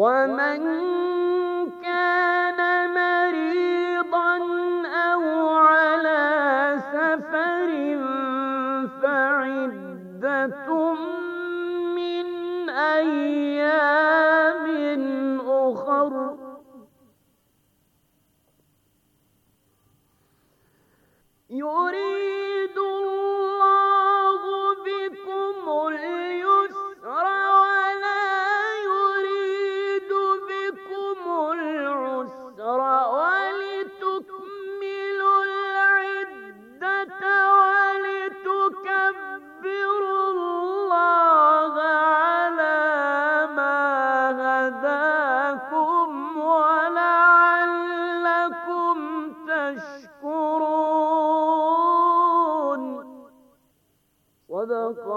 ومن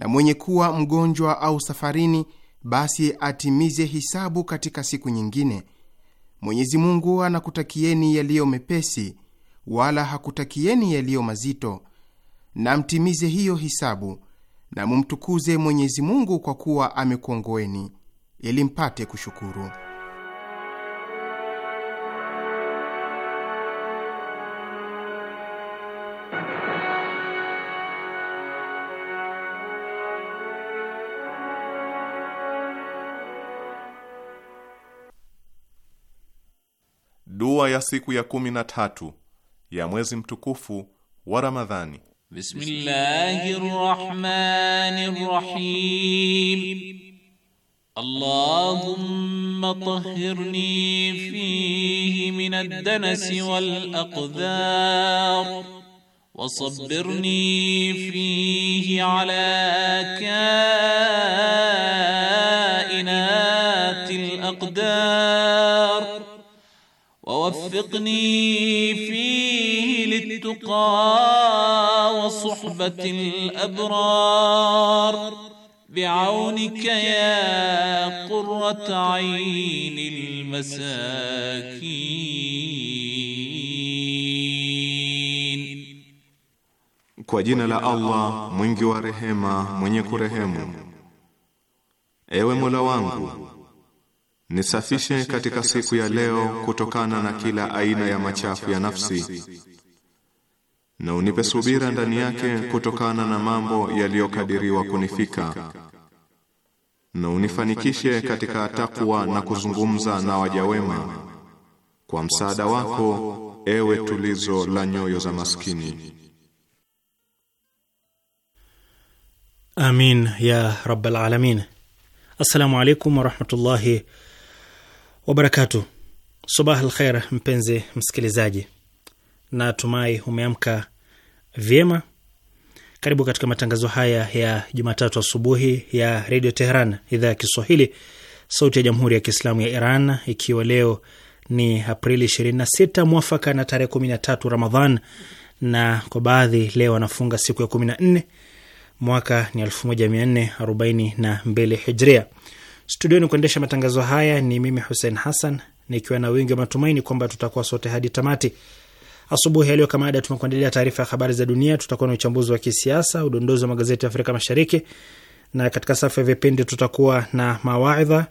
na mwenye kuwa mgonjwa au safarini, basi atimize hisabu katika siku nyingine. Mwenyezi Mungu anakutakieni yaliyo mepesi, wala hakutakieni yaliyo mazito, na mtimize hiyo hisabu na mumtukuze Mwenyezi Mungu kwa kuwa amekuongoeni ili mpate kushukuru. siku ya kumi na tatu ya mwezi mtukufu wa Ramadhani. Bismillahir Rahmanir Rahim. Allahumma tahhirni fihi min ad-danasi wal aqdar wasabbirni fihi ala kainatil aqdar ووفقني فيه للتقى وصحبة الأبرار بعونك يا قرة عين المساكين kwa jina la Allah mwingi wa rehema mwenye kurehemu ewe Mola wangu Nisafishe katika siku ya leo kutokana na kila aina ya machafu ya nafsi na unipe subira ndani yake kutokana na mambo yaliyokadiriwa kunifika na unifanikishe katika takwa na kuzungumza na waja wema kwa msaada wako ewe tulizo la nyoyo za maskini amin ya rabbal alamin assalamu alaykum wa rahmatullahi wabarakatu. Subah al mpenzi msikilizaji, na tumai umeamka vyema. Karibu katika matangazo haya ya Jumatatu asubuhi ya Redio Teheran, idhaa ya Kiswahili, sauti ya Jamhuri ya Kiislamu ya Iran, ikiwa leo ni Aprili 26 mwafaka na tarehe 13 Ramadhan, na kwa baadhi leo anafunga siku ya 14 mwaka ni 1442 Hijria. Studioni kuendesha matangazo haya ni mimi Hussein Hassan, nikiwa na wingi wa matumaini kwamba tutakuwa sote hadi tamati. Asubuhi ya leo kama ada, tumekuandalia taarifa ya habari za dunia, tutakuwa na uchambuzi wa kisiasa, udondozi wa magazeti ya Afrika Mashariki, na katika safu ya vipindi tutakuwa na mawaidha,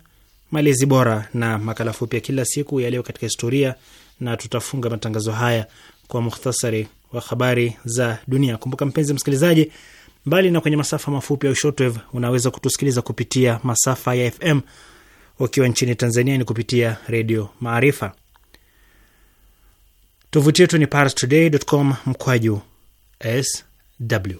malezi bora na makala fupi ya kila siku ya leo katika historia, na tutafunga matangazo haya kwa muhtasari wa habari za dunia. Kumbuka mpenzi msikilizaji Mbali na kwenye masafa mafupi au shortwave, unaweza kutusikiliza kupitia masafa ya FM. Ukiwa nchini Tanzania ni kupitia Redio Maarifa. Tovuti yetu ni parstoday.com mkwaju sw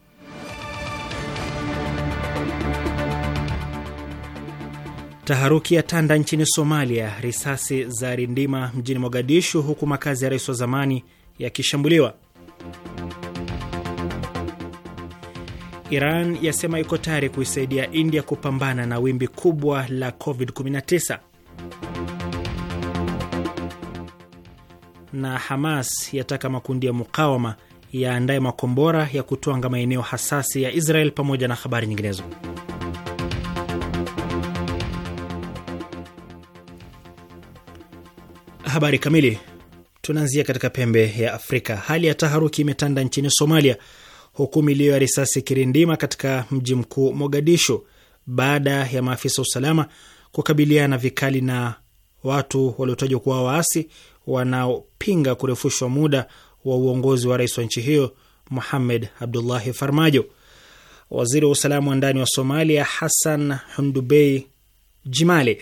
Taharuki ya tanda nchini Somalia, risasi za rindima mjini Mogadishu, huku makazi ya rais wa zamani yakishambuliwa. Iran yasema iko tayari kuisaidia India kupambana na wimbi kubwa la COVID-19. Na Hamas yataka makundi ya mukawama yaandaye makombora ya kutwanga maeneo hasasi ya Israel, pamoja na habari nyinginezo. Habari kamili. Tunaanzia katika pembe ya Afrika. Hali ya taharuki imetanda nchini Somalia, huku milio ya risasi kirindima katika mji mkuu Mogadishu baada ya maafisa usalama kukabiliana vikali na watu waliotajwa kuwa waasi wanaopinga kurefushwa muda wa uongozi wa rais wa nchi hiyo muhamed Abdullahi Farmajo. Waziri wa usalama wa ndani wa Somalia Hassan Hundubei Jimale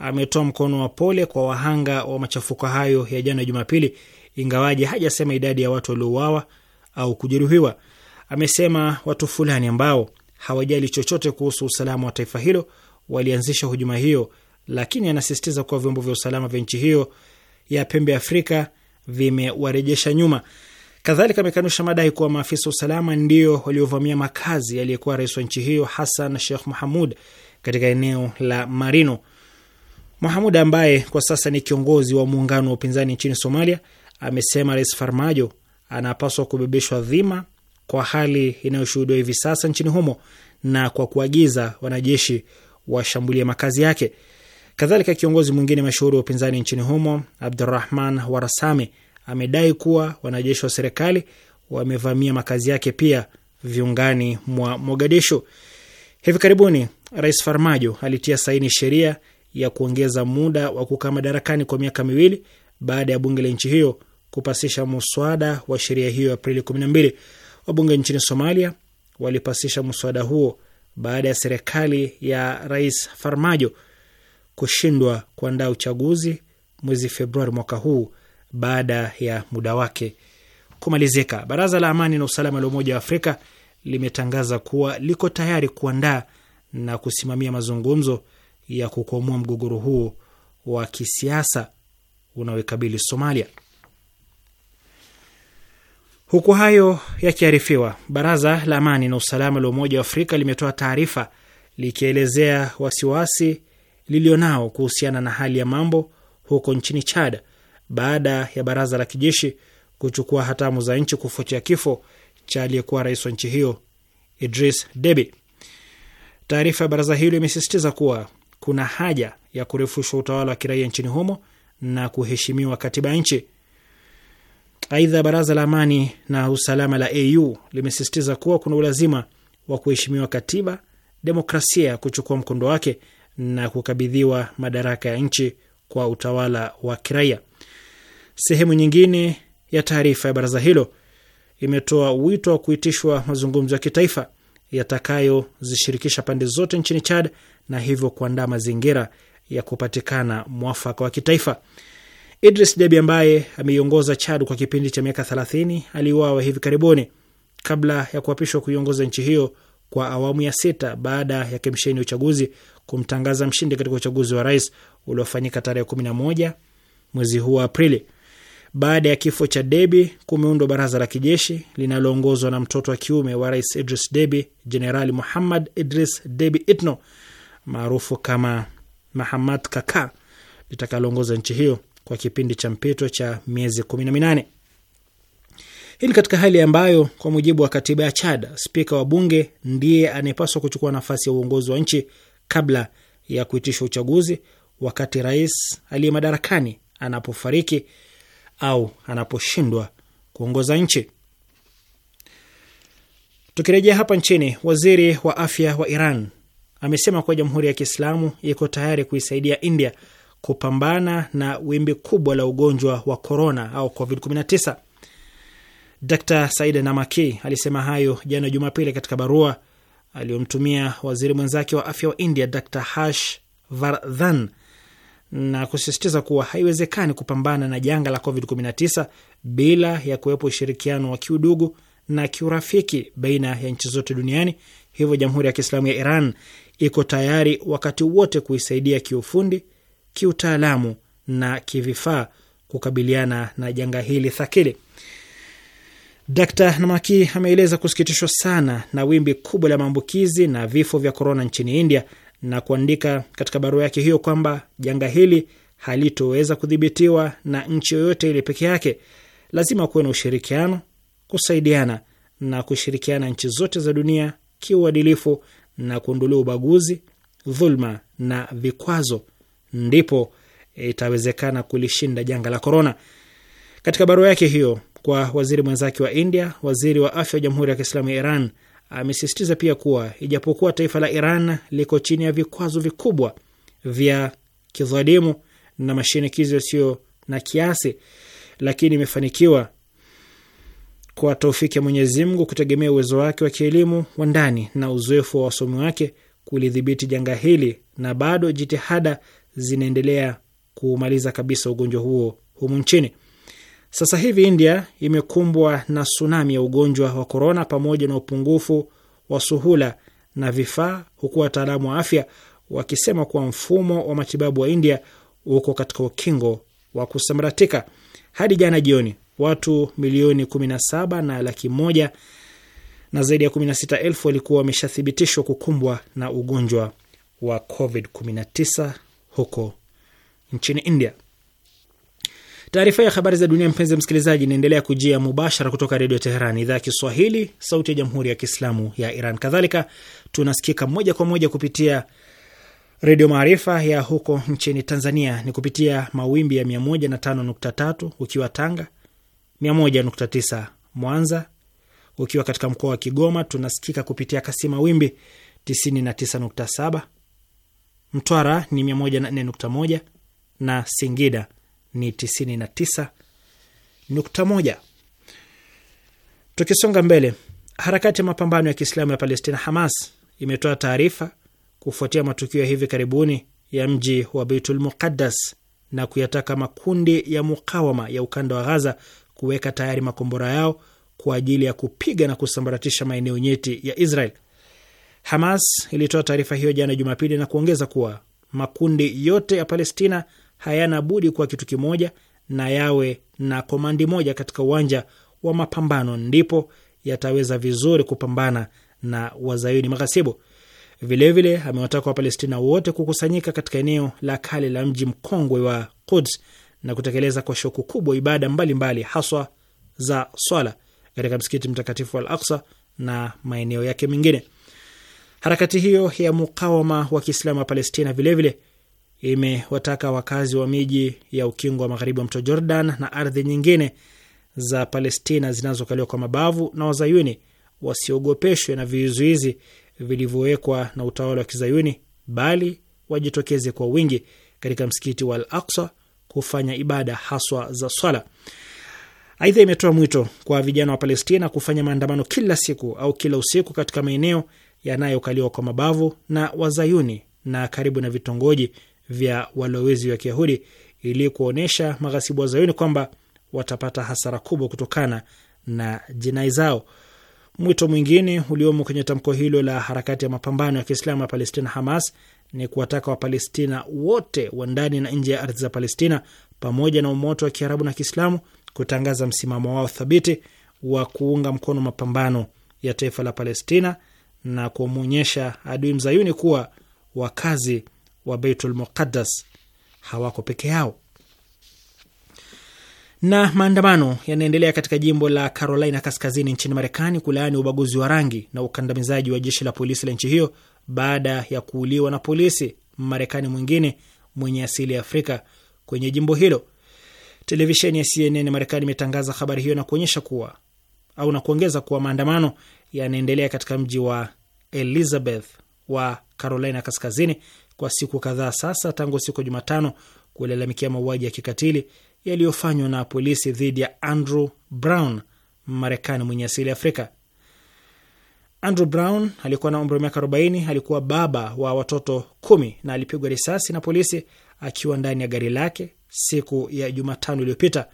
ametoa mkono wa pole kwa wahanga wa machafuko hayo ya jana Jumapili, ingawaje hajasema idadi ya watu waliouawa au kujeruhiwa. Amesema watu fulani ambao hawajali chochote kuhusu usalama wa taifa hilo walianzisha hujuma hiyo, lakini anasisitiza kuwa vyombo vya usalama vya nchi hiyo ya pembe Afrika vimewarejesha nyuma. Kadhalika amekanusha madai kuwa maafisa wa usalama ndio waliovamia makazi aliyekuwa rais wa nchi hiyo Hassan Sheikh muhamud katika eneo la Marino. Mahamud ambaye kwa sasa ni kiongozi wa muungano wa upinzani nchini Somalia amesema Rais Farmajo anapaswa kubebeshwa dhima kwa hali inayoshuhudiwa hivi sasa nchini humo na kwa kuagiza wanajeshi washambulie makazi yake. Kadhalika, kiongozi mwingine mashuhuri wa upinzani nchini humo Abdurahman Warasame amedai kuwa wanajeshi wa serikali wamevamia makazi yake pia viungani mwa Mogadishu. Hivi karibuni Rais Farmajo alitia saini sheria ya kuongeza muda wa kukaa madarakani kwa miaka miwili baada ya bunge la nchi hiyo kupasisha muswada wa sheria hiyo Aprili 12. Wabunge nchini Somalia walipasisha muswada huo baada ya serikali ya Rais Farmajo kushindwa kuandaa uchaguzi mwezi Februari mwaka huu baada ya muda wake kumalizika. Baraza la Amani na Usalama la Umoja wa Afrika limetangaza kuwa liko tayari kuandaa na kusimamia mazungumzo ya kukwamua mgogoro huo wa kisiasa unaoikabili Somalia. Huku hayo yakiarifiwa, baraza la amani na usalama la Umoja wa Afrika limetoa taarifa likielezea wasiwasi lilionao kuhusiana na hali ya mambo huko nchini Chad baada ya baraza la kijeshi kuchukua hatamu za nchi kufuatia kifo cha aliyekuwa rais wa nchi hiyo Idris Deby. Taarifa ya baraza hilo imesisitiza kuwa kuna haja ya kurefushwa utawala wa kiraia nchini humo na kuheshimiwa katiba ya nchi. Aidha, baraza la amani na usalama la AU limesisitiza kuwa kuna ulazima wa kuheshimiwa katiba, demokrasia kuchukua mkondo wake na kukabidhiwa madaraka ya nchi kwa utawala wa kiraia. Sehemu nyingine ya taarifa ya baraza hilo imetoa wito wa kuitishwa mazungumzo ya kitaifa yatakayozishirikisha pande zote nchini Chad na hivyo kuandaa mazingira ya kupatikana mwafaka wa kitaifa. Idris Deby ambaye ameiongoza Chad kwa kipindi cha miaka 30 aliuawa hivi karibuni kabla ya kuapishwa kuiongoza nchi hiyo kwa awamu ya sita baada ya kemsheni ya uchaguzi kumtangaza mshindi katika uchaguzi wa rais uliofanyika tarehe 11 mwezi huu wa Aprili. Baada ya kifo cha Deby kumeundwa baraza la kijeshi linaloongozwa na mtoto wa kiume wa rais Idris Deby, Jenerali Muhammad Idris Deby Itno maarufu kama Mahamad Kaka litakaloongoza nchi hiyo kwa kipindi cha mpito cha miezi kumi na minane. Hii ni katika hali ambayo kwa mujibu wa katiba ya Chad, spika wa bunge ndiye anayepaswa kuchukua nafasi ya uongozi wa nchi kabla ya kuitisha uchaguzi, wakati rais aliye madarakani anapofariki au anaposhindwa kuongoza nchi. Tukirejea hapa nchini, waziri wa afya wa Iran amesema kuwa Jamhuri ya Kiislamu iko tayari kuisaidia India kupambana na wimbi kubwa la ugonjwa wa korona au COVID-19. Dr Said Namaki alisema hayo jana Jumapili katika barua aliyomtumia waziri mwenzake wa afya wa India Dr Harsh Vardhan na kusisitiza kuwa haiwezekani kupambana na janga la COVID-19 bila ya kuwepo ushirikiano wa kiudugu na kiurafiki baina ya nchi zote duniani. Hivyo Jamhuri ya Kiislamu ya Iran iko tayari wakati wote kuisaidia kiufundi, kiutaalamu na kivifaa kukabiliana na janga hili thakili. Dkt Namaki ameeleza kusikitishwa sana na wimbi kubwa la maambukizi na vifo vya korona nchini India na kuandika katika barua yake hiyo kwamba janga hili halitoweza kudhibitiwa na nchi yoyote ile peke yake. Lazima kuwe na ushirikiano, kusaidiana na kushirikiana nchi zote za dunia kiuadilifu na kuondolewa ubaguzi, dhulma na vikwazo, ndipo itawezekana kulishinda janga la korona. Katika barua yake hiyo kwa waziri mwenzake wa India, waziri wa afya wa Jamhuri ya Kiislamu ya Iran amesisitiza pia kuwa ijapokuwa taifa la Iran liko chini ya vikwazo vikubwa vya kidhalimu na mashinikizo yasiyo na kiasi, lakini imefanikiwa kwa taufiki ya Mwenyezi Mungu, kutegemea uwezo wake wa kielimu wa ndani na uzoefu wa wasomi wake kulidhibiti janga hili, na bado jitihada zinaendelea kumaliza kabisa ugonjwa huo humu nchini. Sasa hivi India imekumbwa na tsunami ya ugonjwa wa korona, pamoja na upungufu wa suhula na vifaa, huku wataalamu wa afya wakisema kuwa mfumo wa matibabu wa India uko katika ukingo wa kusambaratika. Hadi jana jioni watu milioni 17 na laki moja na zaidi ya 16 elfu walikuwa wameshathibitishwa kukumbwa na ugonjwa wa COVID-19 huko nchini India. Taarifa ya habari za dunia, mpenzi msikilizaji, inaendelea kujia mubashara kutoka Redio Teheran, idhaa ya Kiswahili, sauti ya jamhuri ya kiislamu ya Iran. Kadhalika tunasikika moja kwa moja kupitia Redio Maarifa ya huko nchini Tanzania, ni kupitia mawimbi ya 105.3 ukiwa Tanga, 101.9 Mwanza. Ukiwa katika mkoa wa Kigoma tunasikika kupitia kasima wimbi 99.7, Mtwara ni 104.1 na Singida ni 99.1. Tukisonga mbele, harakati ya mapambano ya Kiislamu ya Palestina Hamas imetoa taarifa kufuatia matukio ya hivi karibuni ya mji wa Beitul Muqaddas na kuyataka makundi ya mukawama ya ukanda wa Ghaza kuweka tayari makombora yao kwa ajili ya kupiga na kusambaratisha maeneo nyeti ya Israel. Hamas ilitoa taarifa hiyo jana Jumapili na kuongeza kuwa makundi yote ya Palestina hayana budi kuwa kitu kimoja na yawe na komandi moja katika uwanja wa mapambano, ndipo yataweza vizuri kupambana na wazayuni maghasibu. Vilevile amewataka Wapalestina wote kukusanyika katika eneo la kale la mji mkongwe wa Quds na kutekeleza kwa shauku kubwa ibada mbalimbali haswa za swala katika msikiti mtakatifu wa Al-Aqsa na maeneo yake mengine. Harakati hiyo ya mukawama wa Kiislamu wa Palestina vilevile imewataka wakazi wa miji ya ukingo wa magharibi wa mto Jordan na ardhi nyingine za Palestina zinazokaliwa kwa mabavu na wazayuni wasiogopeshwe na vizuizi vilivyowekwa na utawala wa kizayuni, bali wajitokeze kwa wingi katika msikiti wa Al-Aqsa kufanya ibada haswa za swala. Aidha, imetoa mwito kwa vijana wa Palestina kufanya maandamano kila siku au kila usiku katika maeneo yanayokaliwa kwa mabavu na wazayuni na karibu na vitongoji vya walowezi wa Kiyahudi ili kuonyesha maghasibu wazayuni kwamba watapata hasara kubwa kutokana na jinai zao. Mwito mwingine uliomo kwenye tamko hilo la harakati ya mapambano ya Kiislamu ya Palestina, Hamas, ni kuwataka Wapalestina wote wa ndani na nje ya ardhi za Palestina pamoja na umoto wa Kiarabu na Kiislamu kutangaza msimamo wao thabiti wa kuunga mkono mapambano ya taifa la Palestina na kumwonyesha adui mzayuni kuwa wakazi wa Beitul Muqaddas hawako peke yao. Na maandamano yanaendelea katika jimbo la Carolina Kaskazini nchini Marekani kulaani ubaguzi wa rangi na ukandamizaji wa jeshi la polisi la nchi hiyo baada ya kuuliwa na polisi Mmarekani mwingine mwenye asili ya Afrika kwenye jimbo hilo. Televisheni ya CNN Marekani imetangaza habari hiyo na kuonyesha kuwa au na kuongeza kuwa maandamano yanaendelea katika mji wa Elizabeth wa Carolina Kaskazini kwa siku kadhaa sasa tangu siku ya Jumatano kulalamikia mauaji ya kikatili yaliyofanywa na polisi dhidi ya Andrew Brown Marekani mwenye asili ya Afrika. Andrew Brown alikuwa na umri wa miaka 40, alikuwa baba wa watoto kumi na alipigwa risasi na polisi akiwa ndani ya gari lake siku ya Jumatano iliyopita,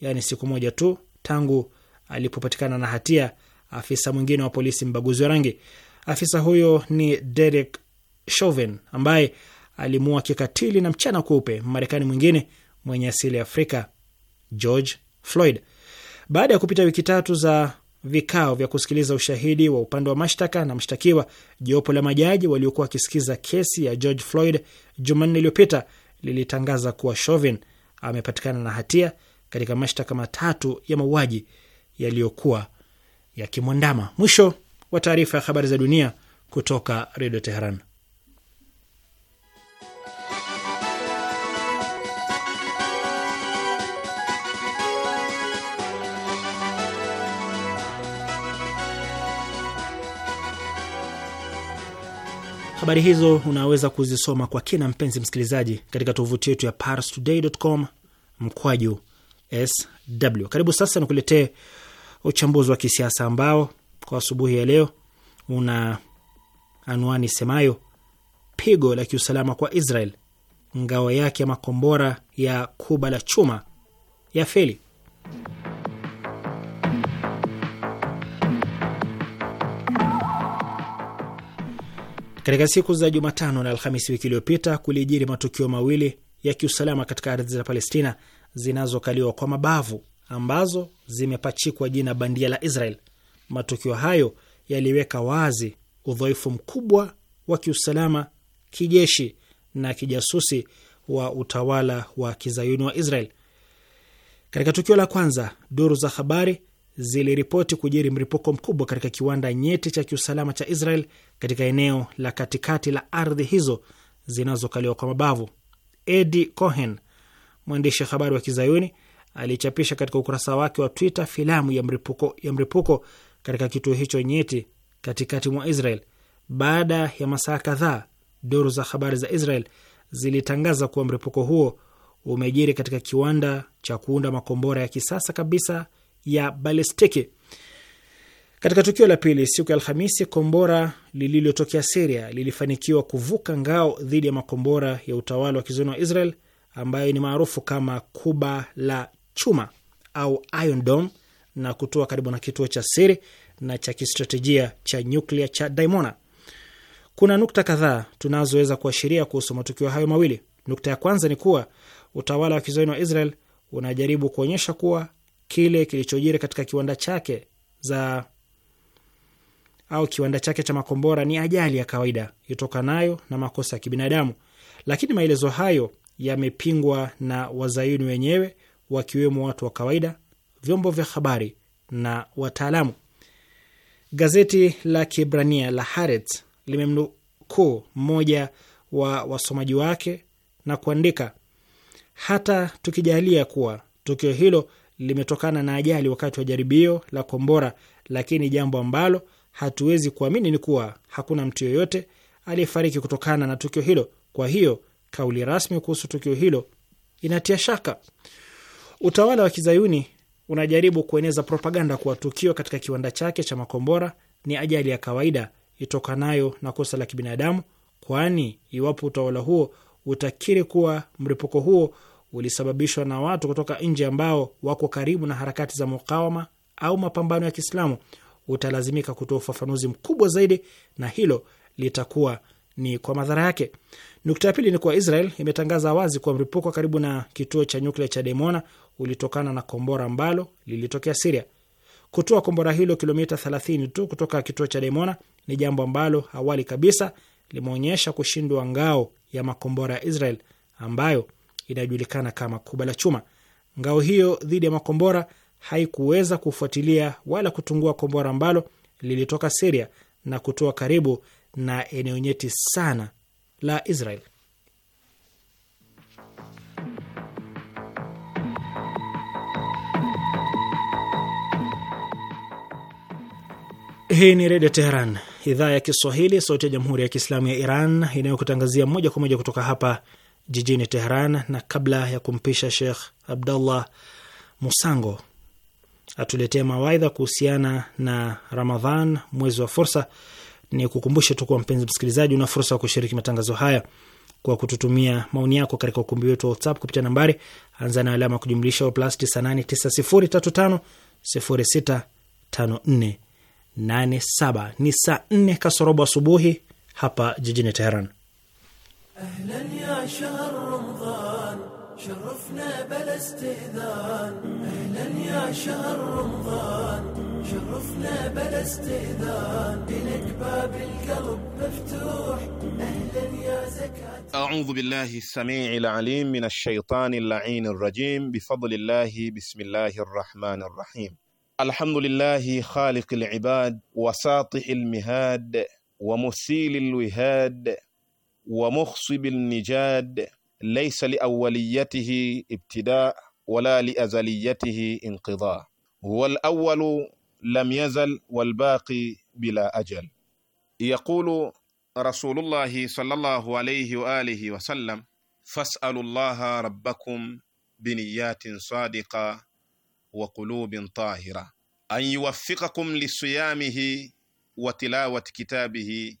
yaani siku moja tu tangu alipopatikana na hatia afisa mwingine wa polisi mbaguzi wa rangi. Afisa huyo ni Derek Chauvin ambaye alimua kikatili na mchana kweupe Marekani mwingine mwenye asili ya Afrika George Floyd. Baada ya kupita wiki tatu za vikao vya kusikiliza ushahidi wa upande wa mashtaka na mshtakiwa, jopo la majaji waliokuwa wakisikiza kesi ya George Floyd Jumanne iliyopita lilitangaza kuwa Chauvin amepatikana na hatia katika mashtaka matatu ya mauaji yaliyokuwa yakimwandama. Mwisho wa taarifa ya habari za dunia kutoka Redio Teheran. Habari hizo unaweza kuzisoma kwa kina, mpenzi msikilizaji, katika tovuti yetu ya parstoday.com mkwaju sw. Karibu sasa nikuletee uchambuzi wa kisiasa ambao kwa asubuhi ya leo una anwani semayo pigo la kiusalama kwa Israel, ngao yake ya makombora ya kuba la chuma ya feli. Katika siku za Jumatano na Alhamisi wiki iliyopita kulijiri matukio mawili ya kiusalama katika ardhi za Palestina zinazokaliwa kwa mabavu ambazo zimepachikwa jina bandia la Israel. Matukio hayo yaliweka wazi udhaifu mkubwa wa kiusalama, kijeshi na kijasusi wa utawala wa kizayuni wa Israel. Katika tukio la kwanza, duru za habari ziliripoti kujiri mripuko mkubwa katika kiwanda nyeti cha kiusalama cha Israel katika eneo la katikati la ardhi hizo zinazokaliwa kwa mabavu. Eddie Cohen, mwandishi habari wa kizayuni, alichapisha katika ukurasa wake wa Twitter filamu ya mripuko, ya mripuko katika kituo hicho nyeti katikati mwa Israel. Baada ya masaa kadhaa, duru za habari za Israel zilitangaza kuwa mripuko huo umejiri katika kiwanda cha kuunda makombora ya kisasa kabisa ya balestiki. Katika tukio la pili siku ya Alhamisi, kombora lililotokea Siria lilifanikiwa kuvuka ngao dhidi ya makombora ya utawala wa kizayuni wa Israel ambayo ni maarufu kama kuba la chuma au Iron Dome na kutoa karibu na kituo cha siri na cha kistratejia cha nyuklia cha Dimona. Kuna nukta kadhaa tunazoweza kuashiria kuhusu matukio hayo mawili. Nukta ya kwanza ni kuwa utawala wa kizoni wa Israel unajaribu kuonyesha kuwa kile kilichojiri katika kiwanda chake za au kiwanda chake cha makombora ni ajali ya kawaida itokanayo na makosa ya kibinadamu, lakini maelezo hayo yamepingwa na wazayuni wenyewe, wakiwemo watu wa kawaida, vyombo vya habari na wataalamu. Gazeti la Kibrania la Haaretz limemnukuu mmoja wa wasomaji wake na kuandika, hata tukijalia kuwa tukio hilo limetokana na ajali wakati wa jaribio la kombora, lakini jambo ambalo hatuwezi kuamini ni kuwa hakuna mtu yoyote aliyefariki kutokana na tukio hilo. Kwa hiyo kauli rasmi kuhusu tukio hilo inatia shaka. Utawala wa kizayuni unajaribu kueneza propaganda kuwa tukio katika kiwanda chake cha makombora ni ajali ya kawaida itokanayo na kosa la kibinadamu, kwani iwapo utawala huo utakiri kuwa mripuko huo ulisababishwa na watu kutoka nje ambao wako karibu na harakati za mukawama au mapambano ya Kiislamu utalazimika kutoa ufafanuzi mkubwa zaidi, na hilo litakuwa ni kwa madhara yake. Nukta ya pili ni kuwa Israel imetangaza wazi kuwa mlipuko karibu na kituo cha nyuklia cha Demona ulitokana na kombora ambalo lilitokea Siria. Kutoa kombora hilo kilomita 30 tu kutoka kituo cha Demona ni jambo ambalo awali kabisa limeonyesha kushindwa ngao ya makombora ya Israel ambayo inayojulikana kama kuba la chuma. Ngao hiyo dhidi ya makombora haikuweza kufuatilia wala kutungua kombora ambalo lilitoka Siria na kutoa karibu na eneo nyeti sana la Israel. Hii ni Redio Teheran, idhaa ya Kiswahili, sauti ya Jamhuri ya Kiislamu ya Iran, inayokutangazia moja kwa moja kutoka hapa jijini Tehran, na kabla ya kumpisha Shekh Abdullah Musango atuletee mawaidha kuhusiana na Ramadhan, mwezi wa fursa, ni kukumbusha tu kuwa mpenzi msikilizaji, una fursa ya kushiriki matangazo haya kwa kututumia maoni yako katika ukumbi wetu wa WhatsApp kupitia nambari anza na alama kujumlisha plus 989035065487. Ni saa 4 kasorobo asubuhi hapa jijini Teheran. Ahlani. شهر رمضان شرفنا بلا استئذان اهلا يا شهر رمضان شرفنا بلا استئذان الك باب القلب مفتوح اهلا يا زكاة اعوذ بالله السميع العليم من الشيطان اللعين الرجيم بفضل الله بسم الله الرحمن الرحيم الحمد لله خالق العباد وساطع المهاد ومسيل الوهاد ومخصب النجاد ليس لأوليته ابتداء ولا لأزليته انقضاء هو الأول لم يزل والباقي بلا أجل يقول رسول الله صلى الله عليه وآله وسلم فاسألوا الله ربكم بنيات صادقة وقلوب طاهرة أن يوفقكم لصيامه وتلاوة كتابه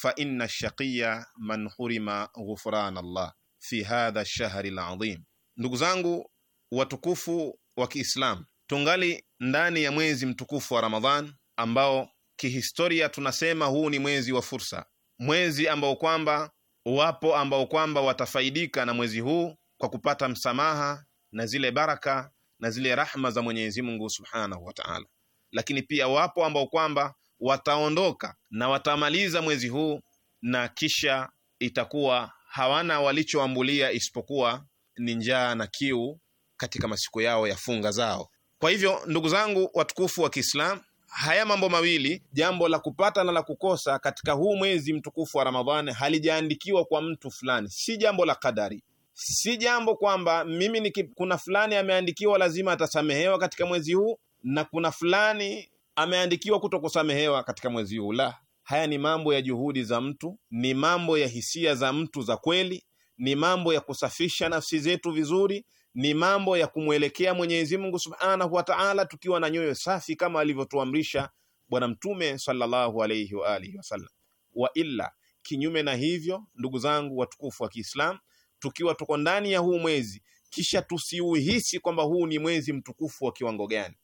fa inna shaqiya man hurima ghufran Allah fi hadha shahri al-azim. Ndugu zangu watukufu wa Kiislamu, tungali ndani ya mwezi mtukufu wa Ramadhan ambao kihistoria tunasema huu ni mwezi wa fursa, mwezi ambao kwamba wapo ambao kwamba watafaidika na mwezi huu kwa kupata msamaha na zile baraka na zile rahma za Mwenyezi Mungu Subhanahu wa Ta'ala, lakini pia wapo ambao kwamba wataondoka na watamaliza mwezi huu na kisha itakuwa hawana walichoambulia isipokuwa ni njaa na kiu katika masiku yao ya funga zao. Kwa hivyo, ndugu zangu watukufu wa kiislam haya mambo mawili, jambo la kupata na la kukosa katika huu mwezi mtukufu wa Ramadhani halijaandikiwa kwa mtu fulani, si jambo la kadari, si jambo kwamba mimi kuna fulani ameandikiwa lazima atasamehewa katika mwezi huu na kuna fulani ameandikiwa kuto kusamehewa katika mwezi huu. La, haya ni mambo ya juhudi za mtu, ni mambo ya hisia za mtu za kweli, ni mambo ya kusafisha nafsi zetu vizuri, ni mambo ya kumwelekea Mwenyezi Mungu Subhanahu wataala tukiwa na nyoyo safi kama alivyotuamrisha Bwana Mtume salllahu alaihi waalihi wasallam. Wa illa, kinyume na hivyo, ndugu zangu watukufu wa kiislam tukiwa tuko ndani ya huu mwezi kisha tusiuhisi kwamba huu ni mwezi mtukufu wa kiwango gani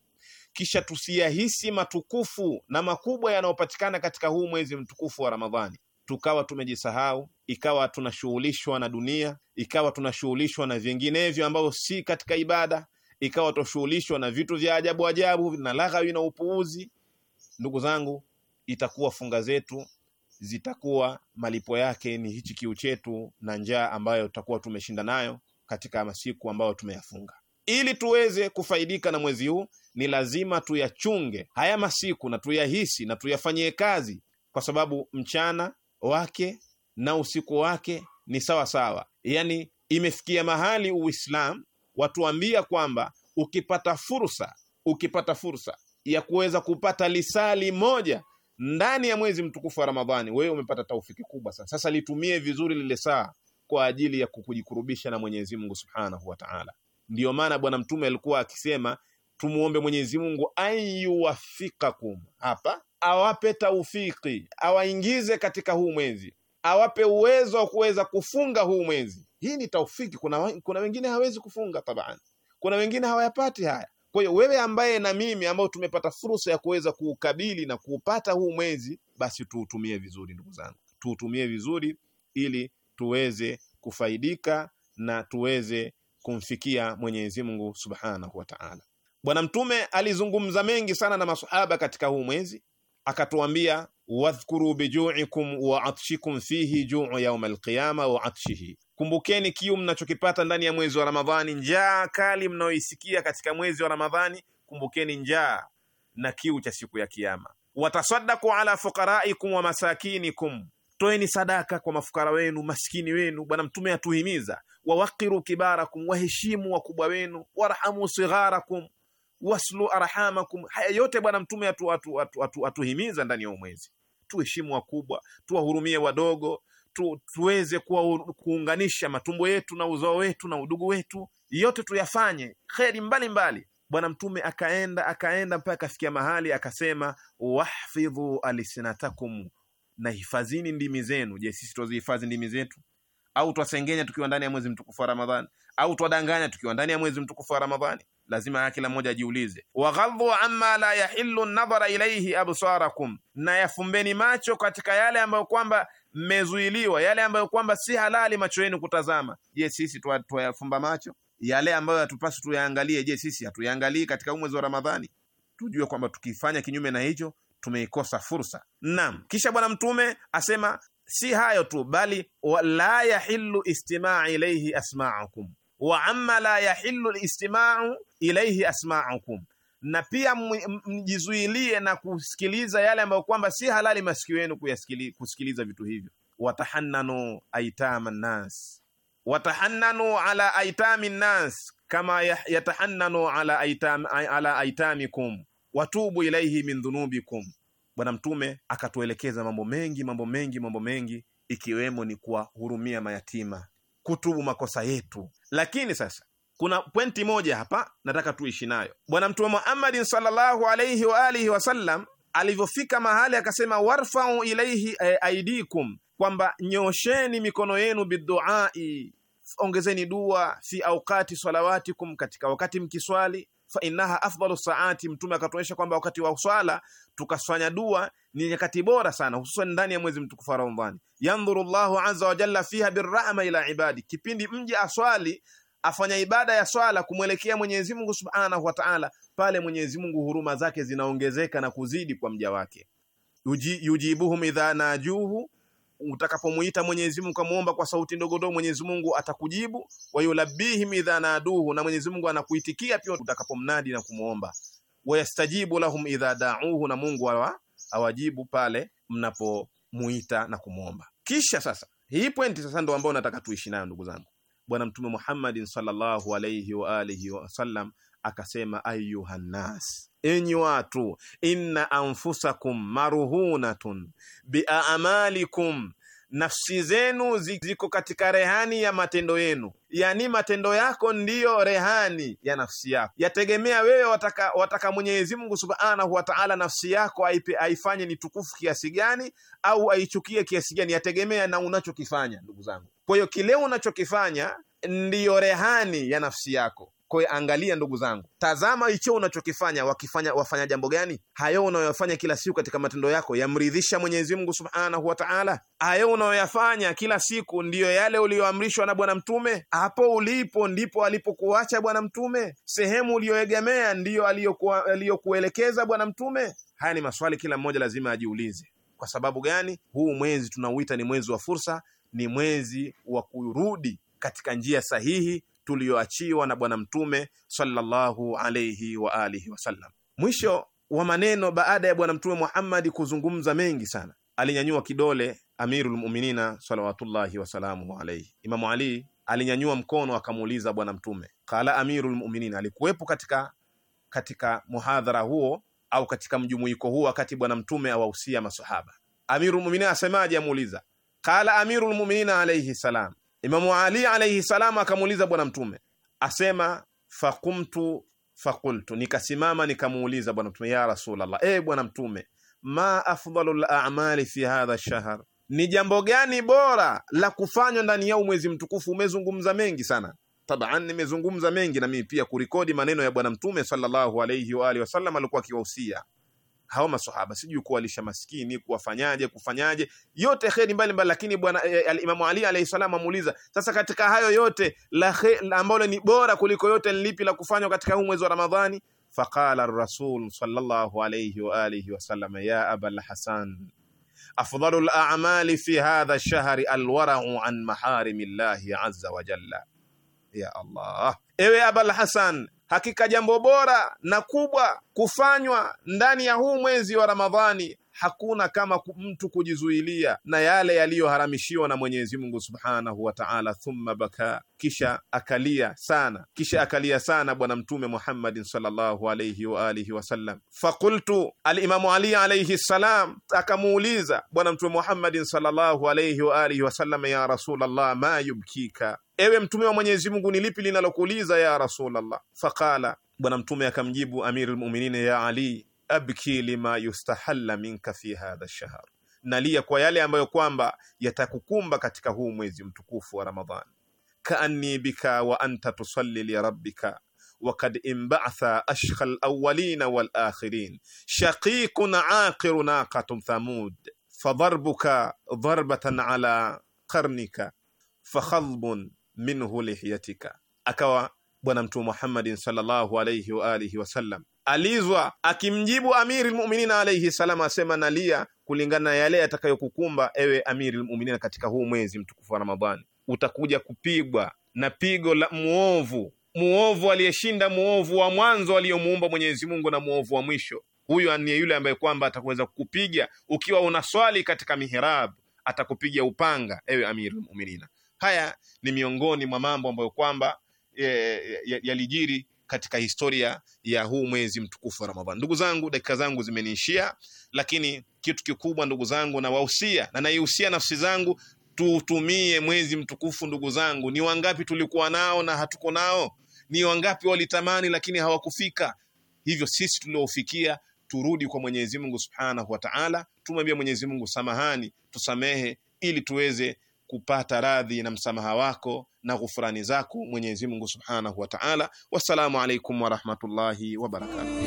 kisha tusiyahisi matukufu na makubwa yanayopatikana katika huu mwezi mtukufu wa Ramadhani, tukawa tumejisahau, ikawa tunashughulishwa na dunia, ikawa tunashughulishwa na vinginevyo ambavyo si katika ibada, ikawa tunashughulishwa na vitu vya ajabu ajabu na laghawi na upuuzi. Ndugu zangu, itakuwa funga zetu zitakuwa malipo yake ni hichi kiu chetu na njaa ambayo tutakuwa tumeshinda nayo katika masiku ambayo tumeyafunga. Ili tuweze kufaidika na mwezi huu, ni lazima tuyachunge haya masiku na tuyahisi na tuyafanyie kazi, kwa sababu mchana wake na usiku wake ni sawa sawa. yani imefikia mahali Uislamu watuambia kwamba ukipata fursa, ukipata fursa ya kuweza kupata lisali moja ndani ya mwezi mtukufu wa Ramadhani, wewe umepata taufiki kubwa sana. Sasa litumie vizuri lile saa kwa ajili ya kukujikurubisha na Mwenyezi Mungu Subhanahu wa Ta'ala. Ndiyo maana Bwana Mtume alikuwa akisema tumuombe Mwenyezi Mungu anyuwafikakum hapa awape taufiki, awaingize katika huu mwezi, awape uwezo wa kuweza kufunga huu mwezi. Hii ni taufiki. Kuna, kuna wengine hawezi kufunga taban, kuna wengine hawayapati haya. Kwa hiyo wewe ambaye na mimi ambayo tumepata fursa ya kuweza kuukabili na kuupata huu mwezi, basi tuutumie vizuri, ndugu zangu, tuutumie vizuri ili tuweze kufaidika na tuweze kumfikia Mwenyezi Mungu Subhanahu wa Ta'ala. Bwana Mtume alizungumza mengi sana na masahaba katika huu mwezi, akatuambia wadhkuru biju'ikum wa atshikum fihi ju'u yawm alqiyama wa atshihi, kumbukeni kiu mnachokipata ndani ya mwezi wa Ramadhani, njaa kali mnayoisikia katika mwezi wa Ramadhani, kumbukeni njaa na kiu cha siku ya Kiyama. Watasaddaku ala fuqaraikum wa masakinikum, toeni sadaka kwa mafukara wenu, maskini wenu. Bwana Mtume atuhimiza wawakiru kibarakum, waheshimu wakubwa wenu, warhamu sigharakum, waslu arhamakum. Haya yote Bwana Mtume atuhimiza atu, atu, atu, atu ndani ya umwezi, tuheshimu wakubwa, tuwahurumie wadogo tu, tuweze kuwa, kuunganisha matumbo yetu na uzao wetu na udugu wetu, yote tuyafanye kheri mbalimbali. Bwana Mtume akaenda akaenda mpaka akafikia mahali akasema, wahfidhu alsinatakum, na hifadhini ndimi zenu. Je, sisi tuzihifadhi ndimi zetu? au twasengenya tukiwa ndani ya mwezi mtukufu wa Ramadhani au twadanganya tukiwa ndani ya mwezi mtukufu wa Ramadhani? Lazima kila mmoja ajiulize. Waghadhu amma la yahillu nadhara ilaihi absarakum, na yafumbeni macho katika yale ambayo kwamba mmezuiliwa, yale ambayo kwamba si halali macho yenu kutazama. Je, sisi twayafumba macho yale ambayo hatupasi tuyaangalie? Je, sisi hatuyaangalii katika mwezi wa Ramadhani? Tujue kwamba tukifanya kinyume na hicho tumeikosa fursa. Naam, kisha Bwana Mtume asema Si hayo tu, bali la yahillu istimaa ilayhi asma'ukum wa amma la yahillu istimau ilayhi asma'ukum, na pia mjizuilie na kusikiliza yale ambayo kwamba si halali masikio yenu kusikiliza vitu hivyo. watahannanu aitama nnas watahannanu ala aitami nnas kama yatahannanu ala aitamikum watubu ilayhi min dhunubikum bwana mtume akatuelekeza mambo mengi mambo mengi mambo mengi ikiwemo ni kuwahurumia mayatima kutubu makosa yetu lakini sasa kuna pwenti moja hapa nataka tuishi nayo bwana mtume Muhammadin salllahu alaihi wa alihi wasallam alivyofika mahali akasema warfau ilaihi e, aidikum kwamba nyosheni mikono yenu biduai ongezeni dua fi auqati salawatikum katika wakati mkiswali fa innaha afdalu saati. Mtume akatuonyesha kwamba wakati wa swala tukafanya dua ni nyakati bora sana, hususan ndani ya mwezi mtukufu wa Ramadhani. Yandhuru llahu azza wa jalla fiha birrahma ila ibadi, kipindi mji aswali afanya ibada ya swala kumwelekea Mwenyezi Mungu subhanahu wa taala, pale Mwenyezi Mungu huruma zake zinaongezeka na kuzidi kwa mja wake. yujibuhum idha najuhu utakapomuita Mwenyezi Mungu kumuomba kwa sauti ndogo ndogo, Mwenyezi Mungu atakujibu. Wa idha naduhu, na Mwenyezi Mungu anakuitikia pia utakapomnadi na kumuomba. Wayastajibu lahum idha dauhu, na Mungu awajibu pale mnapomuita na kumuomba. Kisha sasa, hii pointi sasa ndo ambayo nataka tuishi nayo ndugu zangu. Bwana Mtume Muhammadin sallallahu alayhi wa alihi wasallam akasema, ayuhannas enyi watu inna anfusakum maruhunatun biamalikum nafsi zenu ziko katika rehani ya matendo yenu yani matendo yako ndiyo rehani ya nafsi yako yategemea wewe wataka, wataka mwenyezi mungu subhanahu wataala nafsi yako aifanye ni tukufu kiasi gani au aichukie kiasi gani yategemea na unachokifanya ndugu zangu kwa hiyo kile unachokifanya ndiyo rehani ya nafsi yako kwa angalia, ndugu zangu, tazama hicho unachokifanya, wakifanya wafanya jambo gani? Hayo unayoyafanya kila siku katika matendo yako yamridhisha Mwenyezi Mungu Subhanahu wa Ta'ala? Hayo unayoyafanya kila siku ndiyo yale uliyoamrishwa na Bwana Mtume? Hapo ulipo ndipo alipokuacha Bwana Mtume? Sehemu uliyoegemea ndiyo aliyokuelekeza Bwana Mtume? Haya ni maswali kila mmoja lazima ajiulize. Kwa sababu gani? Huu mwezi tunauita ni mwezi wa fursa, ni mwezi wa kurudi katika njia sahihi tuliyoachiwa na Bwana Mtume sallallahu alayhi wa alihi wasallam. Mwisho wa maneno, baada ya Bwana Mtume Muhammad kuzungumza mengi sana, alinyanyua kidole Amirul Muminina salawatullahi wasalamuhu alayhi, Imamu Ali alinyanyua mkono akamuuliza Bwana Mtume, qala Amirul Muminina, alikuwepo katika katika muhadhara huo au katika mjumuiko huo, wakati Bwana Mtume awahusia masahaba. Amirul Muminina asemaje? Amuuliza, qala Amirul Muminina alayhi salam Imamu Ali alayhi salam akamuuliza Bwana Mtume asema, fakumtu fakultu nikasimama nikamuuliza Bwana Mtume, ya Rasulullah, e Bwana Mtume, ma afdalu a'mali fi hadha shahr, ni jambo gani bora la kufanywa ndani ya mwezi mtukufu? Umezungumza mengi sana Taban, nimezungumza mengi na mimi pia kurekodi maneno ya Bwana Mtume sallallahu alayhi wa alihi wasallam alikuwa akiwahusia hawa maswahaba, sijui kuwalisha maskini, kuwafanyaje, kufanyaje, yote kheri mbalimbali. Lakini bwana e, Alimamu Ali alayhi salam amuuliza, sasa katika hayo yote la ambalo ni bora kuliko yote nilipi la kufanywa katika huu mwezi wa Ramadhani? Faqala rasul sallallahu alayhi wa alihi wasallam, ya abal hasan afdalu al fi hadha lshahri alwarau al-wara'u an maharimillahi azza wa jalla. Ya Allah, ewe abal hasan Hakika jambo bora na kubwa kufanywa ndani ya huu mwezi wa Ramadhani hakuna kama mtu kujizuilia na yale yaliyoharamishiwa na Mwenyezi Mungu Subhanahu wa Ta'ala. Thumma baka, kisha akalia sana, kisha akalia sana Bwana Mtume Muhammadin sallallahu alayhi wa alihi wasallam. Faqultu, al Ali alayhi salam akamuuliza Bwana Mtume Muhammadin sallallahu alayhi wa alihi wasallam, ya Rasulullah, ma yubkika ewe mtume wa Mwenyezi Mungu, ni lipi linalokuuliza ya Rasulullah? Faqala, bwana mtume akamjibu Amirul Mu'minin, ya Ali, abki lima yustahalla minka fi hadha ash nalia kwa yale ambayo kwamba yatakukumba katika huu mwezi mtukufu wa Ramadhan. Kaanni bika wa anta tusalli li rabbika wakad imbatha ashqa alawalina walakhirin shaqiqun aqiru naqatum thamud fadharbuka dharbatan ala qarnika fakhadbun minhu lihiyatika, akawa Bwana Mtume Muhammadin sallallahu alayhi wa alihi wasallam alizwa akimjibu Amiri lmuminina alayhi salam, asema nalia kulingana na yale yatakayokukumba ewe Amiri lmuminina, katika huu mwezi mtukufu wa Ramadhani utakuja kupigwa na pigo la muovu, muovu aliyeshinda muovu wa mwanzo aliyomuumba Mwenyezi Mungu na muovu wa mwisho. Huyu ni yule ambaye kwamba atakuweza kukupiga ukiwa unaswali katika mihirab, atakupiga upanga ewe Amiri lmuminina. Haya ni miongoni mwa mambo ambayo kwamba e, e, yalijiri katika historia ya huu mwezi mtukufu wa Ramadhani. Ndugu zangu, dakika zangu zimeniishia, lakini kitu kikubwa ndugu zangu, nawahusia na naihusia nafsi zangu, tutumie mwezi mtukufu. Ndugu zangu, ni wangapi tulikuwa nao na hatuko nao? Ni wangapi walitamani lakini hawakufika? Hivyo sisi tuliofikia turudi kwa Mwenyezi Mungu Subhanahu wa Ta'ala, tumwambie Mwenyezi Mungu samahani, tusamehe ili tuweze kupata radhi na msamaha wako na ghufrani zako Mwenyezi Mungu Subhanahu wa Ta'ala. Wassalamu alaykum wa rahmatullahi wa barakatuh.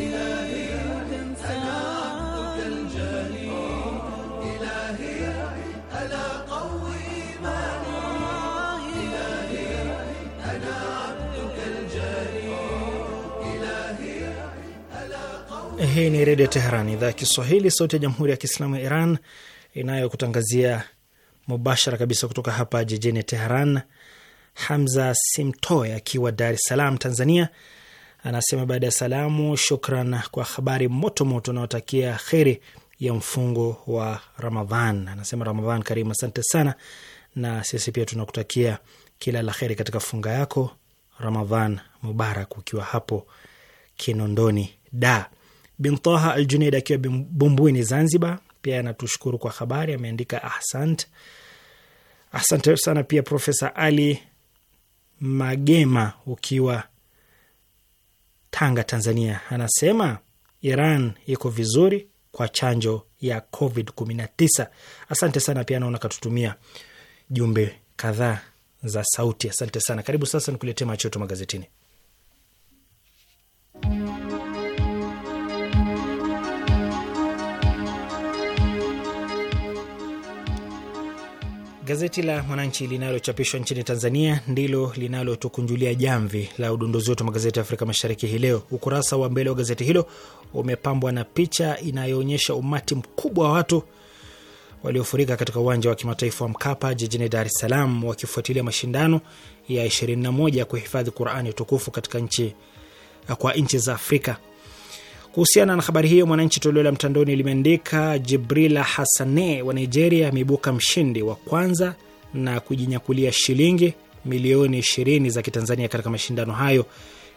Hii ni Redio Teheran, idhaa ya Kiswahili, sauti ya Jamhuri ya Kiislamu ya Iran inayokutangazia mubashara kabisa kutoka hapa jijini Teheran. Hamza Simtoy akiwa Dar es Salaam, Tanzania, anasema baada ya salamu, shukran kwa habari moto moto, kheri ya mfungo wa Ramadhan. Anasema Ramadhan karimu. Asante sana, na sisi pia tunakutakia kila la kheri katika funga yako. Ramadhan mubarak, ukiwa hapo Kinondoni da. Bintaha Aljuneid akiwa Bumbuini, Zanzibar, pia anatushukuru kwa habari, ameandika asante. Asante sana pia Profesa Ali Magema ukiwa Tanga, Tanzania, anasema Iran iko vizuri kwa chanjo ya Covid 19. Asante sana pia, naona katutumia jumbe kadhaa za sauti. Asante sana. Karibu sasa nikuletee macho yetu magazetini. Gazeti la Mwananchi linalochapishwa nchini Tanzania ndilo linalotukunjulia jamvi la udondozi wetu magazeti ya Afrika Mashariki hii leo. Ukurasa wa mbele wa gazeti hilo umepambwa na picha inayoonyesha umati mkubwa wa watu waliofurika katika uwanja wa kimataifa wa Mkapa jijini Dar es Salaam wakifuatilia mashindano ya 21 ya kuhifadhi Qurani tukufu katika nchi, kwa nchi za Afrika Kuhusiana na habari hiyo, Mwananchi toleo la mtandaoni limeandika Jibrila hasane wa Nigeria ameibuka mshindi wa kwanza na kujinyakulia shilingi milioni 20 za Kitanzania katika mashindano hayo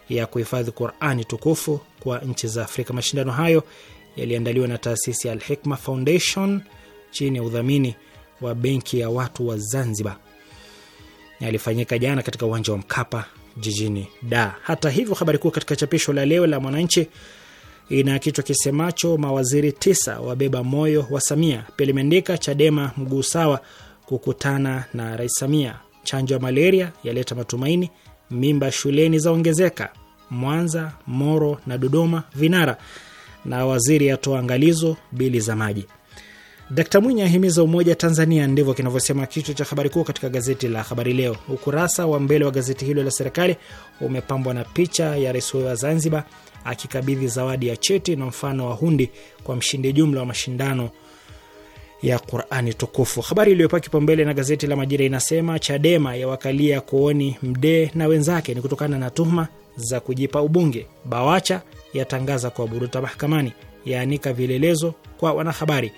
ya kuhifadhi Qurani tukufu kwa nchi za Afrika. Mashindano hayo yaliandaliwa na taasisi ya Alhikma Foundation chini ya udhamini wa Benki ya Watu wa Zanzibar. Yalifanyika jana katika uwanja wa Mkapa jijini Dar. Hata hivyo, habari kuu katika chapisho la leo la Mwananchi ina kichwa kisemacho mawaziri tisa wabeba moyo wa Samia. Pia limeandika Chadema mguu sawa kukutana na Rais Samia, chanjo ya malaria yaleta matumaini, mimba shuleni zaongezeka, Mwanza, Moro na Dodoma vinara, na waziri atoa angalizo bili za maji. Dkt Mwinyi ahimiza umoja Tanzania, ndivyo kinavyosema kichwa cha habari kuu katika gazeti la Habari Leo. Ukurasa wa mbele wa gazeti hilo la serikali umepambwa na picha ya rais huyo wa Zanzibar akikabidhi zawadi ya cheti na mfano wa hundi kwa mshindi jumla wa mashindano ya Qur'ani tukufu. Habari iliyopewa kipaumbele na gazeti la Majira inasema Chadema ya wakalia kuoni Mdee na wenzake ni kutokana na tuhuma za kujipa ubunge. Bawacha yatangaza kwa buruta mahakamani, yaanika vilelezo kwa wanahabari.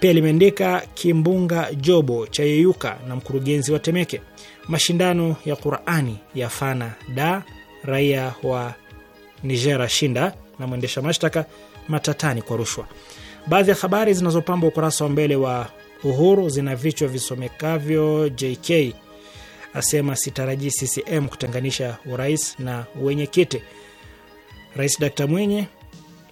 Pia limeandika kimbunga Jobo cha yeyuka na mkurugenzi wa Temeke. Mashindano ya Qur'ani ya fana da raia wa Niger ashinda na mwendesha mashtaka matatani kwa rushwa. Baadhi ya habari zinazopamba ukurasa wa mbele wa Uhuru zina vichwa visomekavyo: JK asema sitarajii CCM kutenganisha urais na uwenyekiti; Rais Dkt Mwinyi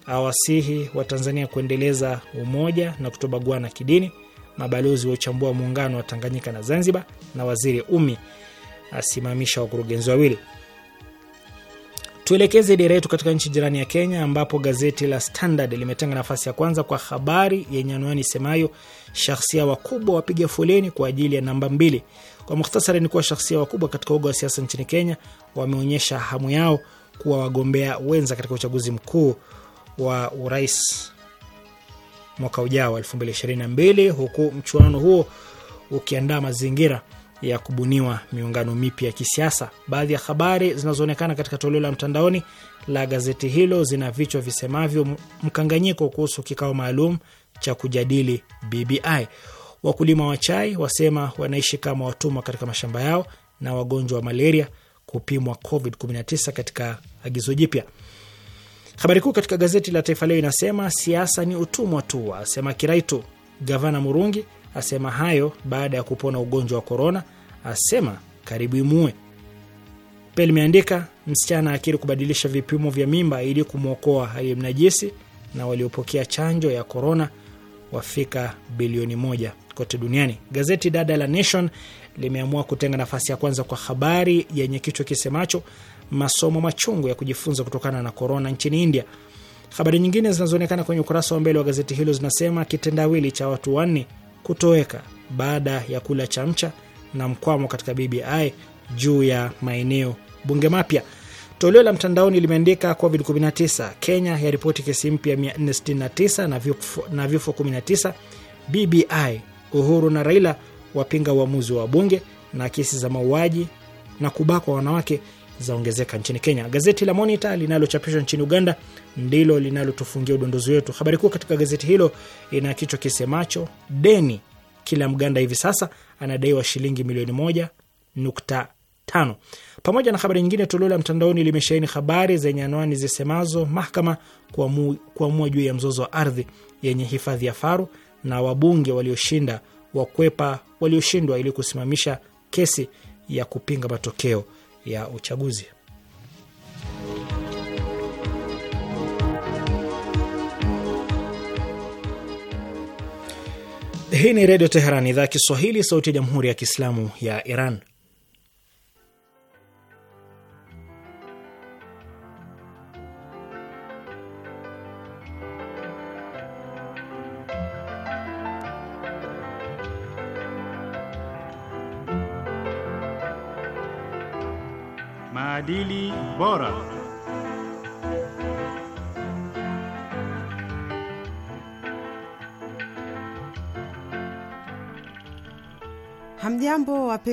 awasihi Watanzania kuendeleza umoja na kutobaguana kidini; mabalozi wa uchambua muungano wa Tanganyika na Zanzibar; na waziri Umi asimamisha wakurugenzi wawili. Tuelekeze dira yetu katika nchi jirani ya Kenya, ambapo gazeti la Standard limetenga nafasi ya kwanza kwa habari yenye anwani semayo shakhsia wakubwa wapiga foleni kwa ajili ya namba mbili. Kwa mukhtasari, ni kuwa shahsia wakubwa katika uga wa siasa nchini Kenya wameonyesha hamu yao kuwa wagombea wenza katika uchaguzi mkuu wa urais mwaka ujao 2022 huku mchuano huo ukiandaa mazingira ya kubuniwa miungano mipya ya kisiasa. Baadhi ya habari zinazoonekana katika toleo la mtandaoni la gazeti hilo zina vichwa visemavyo: mkanganyiko kuhusu kikao maalum cha kujadili BBI, wakulima wa chai wasema wanaishi kama watumwa katika mashamba yao, na wagonjwa wa malaria kupimwa COVID-19 katika agizo jipya. Habari kuu katika gazeti la Taifa Leo inasema siasa ni utumwa tu, asema Kiraitu. Gavana Murungi asema hayo baada ya kupona ugonjwa wa korona, asema karibu imue. Pia limeandika msichana akiri kubadilisha vipimo vya mimba ili kumwokoa aliyemnajisi, na waliopokea chanjo ya korona wafika bilioni moja kote duniani. Gazeti dada la Nation limeamua kutenga nafasi ya kwanza kwa habari yenye kichwa kisemacho masomo machungu ya kujifunza kutokana na korona nchini India. Habari nyingine zinazoonekana kwenye ukurasa wa mbele wa gazeti hilo zinasema kitendawili cha watu wanne kutoweka baada ya kula chamcha na mkwamo katika BBI juu ya maeneo bunge mapya. Toleo la mtandaoni limeandika COVID-19, Kenya ya ripoti kesi mpya 469 na vifo 19. BBI, Uhuru na Raila wapinga uamuzi wa bunge, na kesi za mauaji na kubakwa wanawake zaongezeka nchini Kenya. Gazeti la Monitor linalochapishwa nchini Uganda ndilo linalotufungia udondozi wetu. Habari kuu katika gazeti hilo ina kichwa kisemacho deni kila Mganda hivi sasa anadaiwa shilingi milioni moja nukta tano. Pamoja na habari nyingine, toleo la mtandaoni limesheheni habari zenye anwani zisemazo mahakama kuamua juu ya mzozo wa ardhi yenye hifadhi ya faru na wabunge walioshinda wakwepa walioshindwa ili kusimamisha kesi ya kupinga matokeo ya uchaguzi. Hii ni Redio Teheran, idhaa ya Kiswahili, sauti ya Jamhuri ya Kiislamu ya Iran.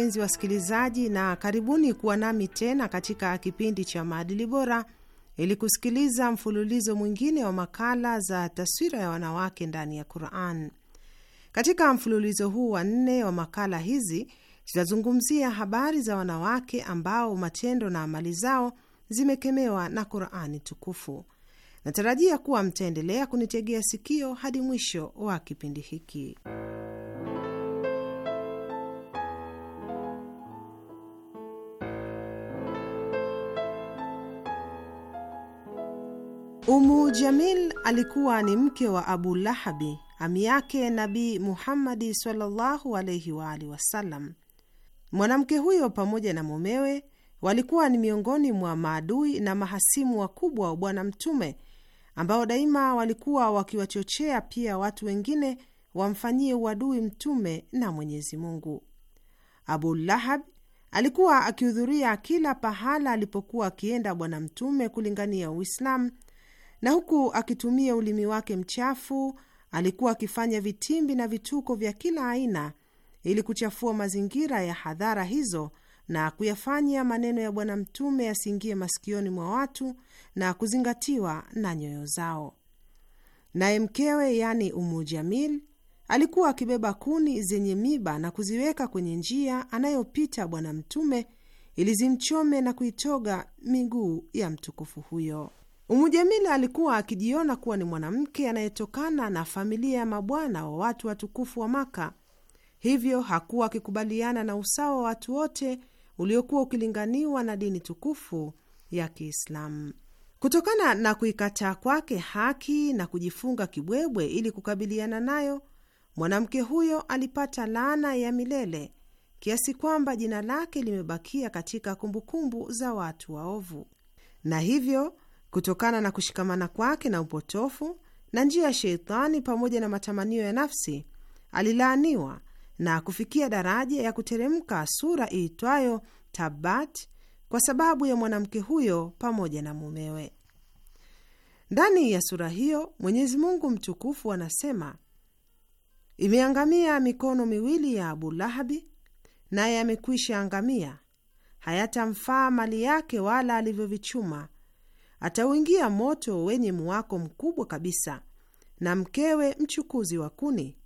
wapenzi wasikilizaji, na karibuni kuwa nami tena katika kipindi cha maadili bora ili kusikiliza mfululizo mwingine wa makala za taswira ya wanawake ndani ya Quran. Katika mfululizo huu wa nne wa makala hizi zitazungumzia habari za wanawake ambao matendo na amali zao zimekemewa na Qurani tukufu. Natarajia kuwa mtaendelea kunitegea sikio hadi mwisho wa kipindi hiki. Umu Jamil alikuwa ni mke wa Abu Lahabi, ami yake Nabii Muhammadi sallallahu alaihi wa alihi wasallam. Mwanamke huyo pamoja na mumewe walikuwa ni miongoni mwa maadui na mahasimu wakubwa wa Bwana Mtume, ambao daima walikuwa wakiwachochea pia watu wengine wamfanyie uadui Mtume na Mwenyezi Mungu. Abu Lahab alikuwa akihudhuria kila pahala alipokuwa akienda Bwana Mtume kulingania Uislamu na huku akitumia ulimi wake mchafu alikuwa akifanya vitimbi na vituko vya kila aina ili kuchafua mazingira ya hadhara hizo na kuyafanya maneno ya Bwana Mtume yasiingie masikioni mwa watu na kuzingatiwa na nyoyo zao. Naye mkewe, yani Umu Jamil, alikuwa akibeba kuni zenye miba na kuziweka kwenye njia anayopita Bwana Mtume ili zimchome na kuitoga miguu ya mtukufu huyo. Umu alikuwa akijiona kuwa ni mwanamke anayetokana na familia ya mabwana wa watu watukufu wa Maka, hivyo hakuwa akikubaliana na usawa wa watu wote uliokuwa ukilinganiwa na dini tukufu ya Kiislamu. Kutokana na kuikataa kwake haki na kujifunga kibwebwe ili kukabiliana nayo, mwanamke huyo alipata laana ya milele kiasi kwamba jina lake limebakia katika kumbukumbu za watu waovu, na hivyo kutokana na kushikamana kwake na upotofu na njia ya sheitani pamoja na matamanio ya nafsi, alilaaniwa na kufikia daraja ya kuteremka sura iitwayo Tabat kwa sababu ya mwanamke huyo pamoja na mumewe. Ndani ya sura hiyo Mwenyezi Mungu mtukufu anasema, imeangamia mikono miwili ya Abu Lahabi, naye amekwisha angamia, hayatamfaa mali yake wala alivyovichuma atauingia moto wenye muwako mkubwa kabisa, na mkewe mchukuzi wa kuni,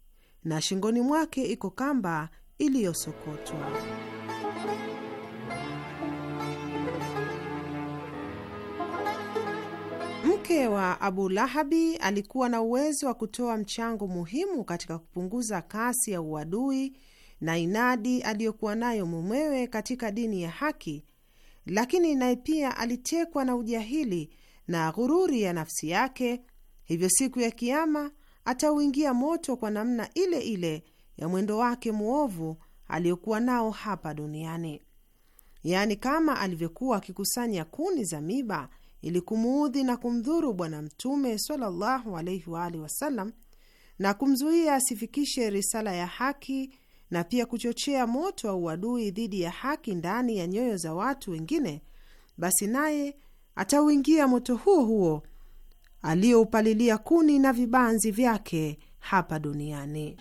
na shingoni mwake iko kamba iliyosokotwa. Mke wa Abu Lahabi alikuwa na uwezo wa kutoa mchango muhimu katika kupunguza kasi ya uadui na inadi aliyokuwa nayo mumewe katika dini ya haki lakini naye pia alitekwa na ujahili na ghururi ya nafsi yake, hivyo siku ya Kiama atauingia moto kwa namna ile ile ya mwendo wake mwovu aliyokuwa nao hapa duniani, yaani kama alivyokuwa akikusanya kuni za miba ili kumuudhi na kumdhuru Bwana Mtume sallallahu alaihi waalihi wasallam na kumzuia asifikishe risala ya haki na pia kuchochea moto wa uadui dhidi ya haki ndani ya nyoyo za watu wengine, basi naye atauingia moto huo huo alioupalilia kuni na vibanzi vyake hapa duniani.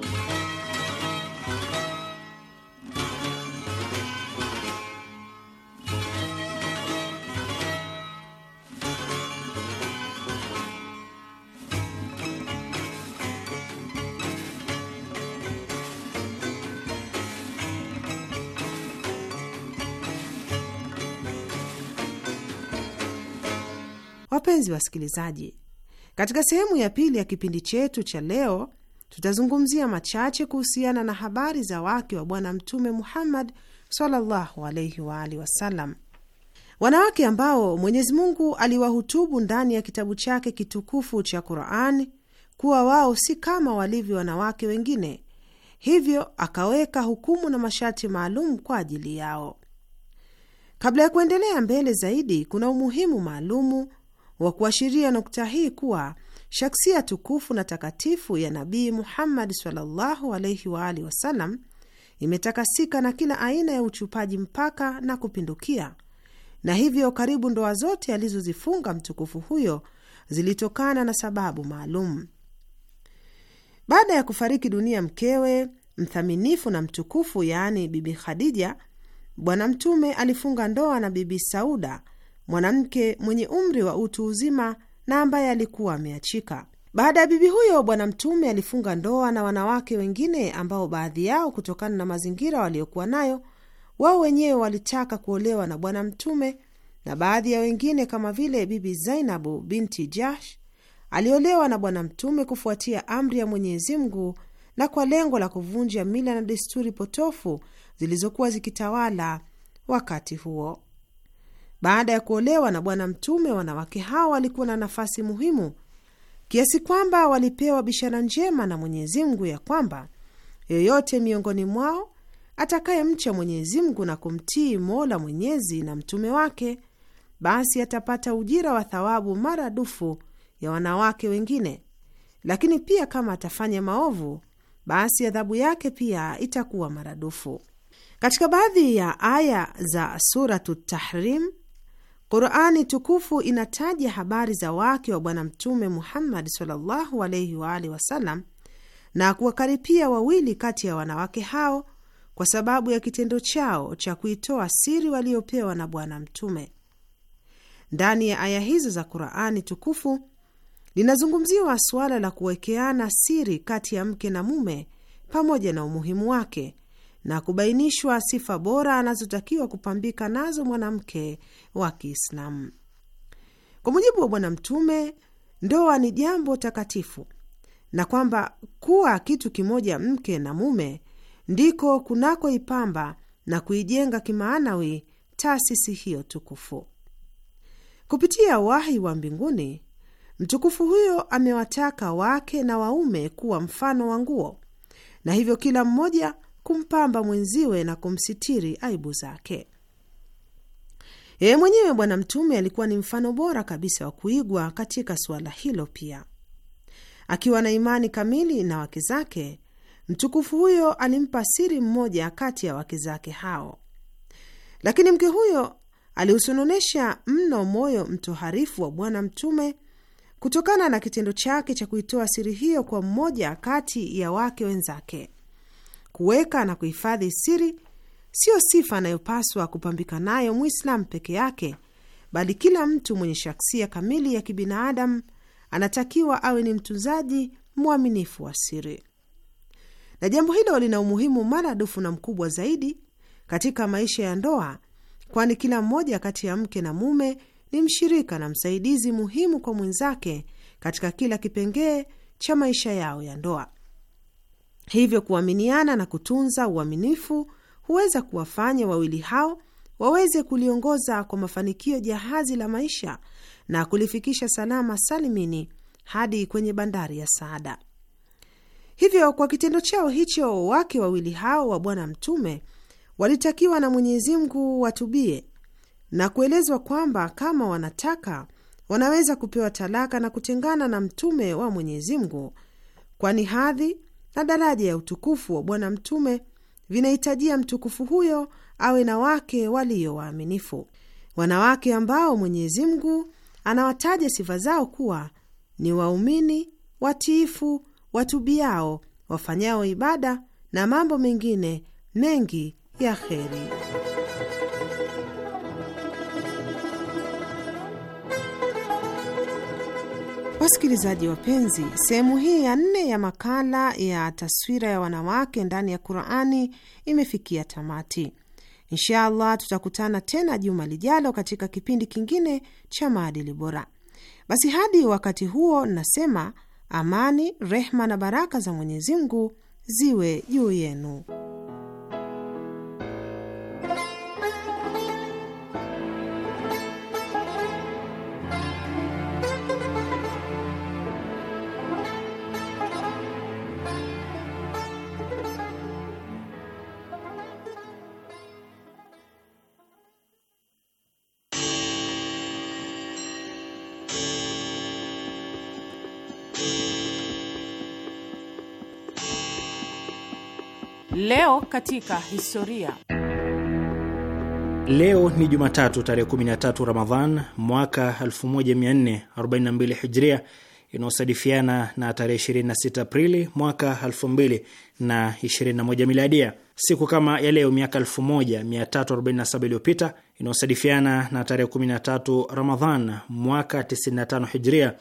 Wapenzi wasikilizaji, katika sehemu ya pili ya kipindi chetu cha leo tutazungumzia machache kuhusiana na habari za wake wa Bwana Mtume Muhammad sallallahu alaihi wa alihi wasallam, wanawake ambao Mwenyezi Mungu aliwahutubu ndani ya kitabu chake kitukufu cha quran kuwa wao si kama walivyo wanawake wengine, hivyo akaweka hukumu na masharti maalum kwa ajili yao. Kabla ya kuendelea mbele zaidi, kuna umuhimu maalumu wa kuashiria nukta hii kuwa shaksia tukufu na takatifu ya Nabii Muhammad sallallahu alaihi wa alihi wasallam imetakasika na kila aina ya uchupaji mpaka na kupindukia, na hivyo karibu ndoa zote alizozifunga mtukufu huyo zilitokana na sababu maalum. Baada ya kufariki dunia mkewe mthaminifu na mtukufu, yaani Bibi Khadija, Bwana Mtume alifunga ndoa na Bibi Sauda mwanamke mwenye umri wa utu uzima na ambaye alikuwa ameachika. Baada ya bibi huyo, Bwana Mtume alifunga ndoa na wanawake wengine ambao baadhi yao, kutokana na mazingira waliokuwa nayo wao wenyewe, walitaka kuolewa na Bwana Mtume, na baadhi ya wengine kama vile Bibi Zainabu binti Jash aliolewa na Bwana Mtume kufuatia amri ya Mwenyezi Mungu na kwa lengo la kuvunja mila na desturi potofu zilizokuwa zikitawala wakati huo. Baada ya kuolewa na Bwana Mtume, wanawake hao walikuwa na nafasi muhimu kiasi kwamba walipewa bishara njema na Mwenyezi Mungu ya kwamba yoyote miongoni mwao atakayemcha Mwenyezi Mungu na kumtii Mola Mwenyezi na mtume wake, basi atapata ujira wa thawabu maradufu ya wanawake wengine, lakini pia kama atafanya maovu, basi adhabu yake pia itakuwa maradufu. Katika baadhi ya aya za Suratu Tahrim Qurani tukufu inataja habari za wake wa Bwana Mtume Muhammad sallallahu alaihi wa alihi wasallam na kuwakaripia wawili kati ya wanawake hao kwa sababu ya kitendo chao cha kuitoa siri waliopewa na Bwana Mtume. Ndani ya aya hizo za Qurani tukufu linazungumziwa suala la kuwekeana siri kati ya mke na mume pamoja na umuhimu wake na kubainishwa sifa bora anazotakiwa kupambika nazo mwanamke wa Kiislamu. Kwa mujibu wa Bwana Mtume, ndoa ni jambo takatifu na kwamba kuwa kitu kimoja mke na mume ndiko kunakoipamba na kuijenga kimaanawi taasisi hiyo tukufu. Kupitia wahi wa mbinguni, mtukufu huyo amewataka wake na waume kuwa mfano wa nguo, na hivyo kila mmoja kumpamba mwenziwe na kumsitiri aibu zake. Yeye mwenyewe Bwana Mtume alikuwa ni mfano bora kabisa wa kuigwa katika suala hilo. Pia akiwa na imani kamili na wake zake, mtukufu huyo alimpa siri mmoja kati ya wake zake hao, lakini mke huyo alihusunonesha mno moyo mtoharifu wa Bwana Mtume kutokana na kitendo chake cha kuitoa siri hiyo kwa mmoja kati ya wake wenzake. Kuweka na kuhifadhi siri siyo sifa anayopaswa kupambika nayo Mwislamu peke yake, bali kila mtu mwenye shaksia kamili ya kibinadamu anatakiwa awe ni mtunzaji mwaminifu wa siri, na jambo hilo lina umuhimu maradufu na mkubwa zaidi katika maisha ya ndoa, kwani kila mmoja kati ya mke na mume ni mshirika na msaidizi muhimu kwa mwenzake katika kila kipengee cha maisha yao ya ndoa. Hivyo kuaminiana na kutunza uaminifu huweza kuwafanya wawili hao waweze kuliongoza kwa mafanikio jahazi la maisha na kulifikisha salama salimini hadi kwenye bandari ya Saada. Hivyo kwa kitendo chao hicho, wake wawili hao wa Bwana Mtume walitakiwa na Mwenyezi Mungu watubie na kuelezwa kwamba kama wanataka wanaweza kupewa talaka na kutengana na mtume wa Mwenyezi Mungu, kwani hadhi na daraja ya utukufu wa Bwana Mtume vinahitajia mtukufu huyo awe na wake walio waaminifu, wanawake ambao Mwenyezi Mungu anawataja sifa zao kuwa ni waumini watiifu, watubiao, wafanyao ibada na mambo mengine mengi ya kheri. Wasikilizaji wapenzi, sehemu hii ya nne ya makala ya taswira ya wanawake ndani ya Qurani imefikia tamati. Insha allah tutakutana tena juma lijalo katika kipindi kingine cha maadili bora. Basi hadi wakati huo, nasema amani, rehma na baraka za Mwenyezi Mungu ziwe juu yenu. Leo katika historia. Leo ni Jumatatu tarehe 13 Ramadhan mwaka 1442 Hijria, inayosadifiana na tarehe 26 Aprili mwaka 2021 Miladia. Siku kama ya leo miaka 1347 iliyopita, inayosadifiana na tarehe 13 Ramadhan mwaka 95 Hijria,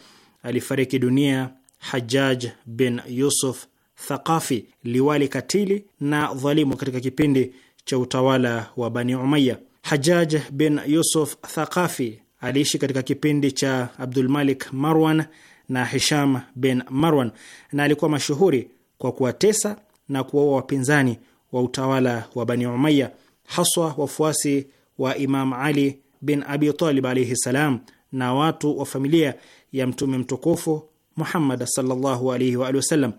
alifariki dunia Hajjaj bin Yusuf Thaqafi, liwali katili na dhalimu katika kipindi cha utawala wa Bani umaya Hajaj bin Yusuf Thaqafi aliishi katika kipindi cha Abdulmalik Marwan na Hisham bin Marwan na alikuwa mashuhuri kwa kuwatesa na kuwaua wapinzani wa utawala wa Bani umaya haswa wafuasi wa Imam Ali bin Abi Talib alaihi salam na watu wa familia ya Mtume mtukufu Muhammad sallallahu alaihi wa alihi wasallam.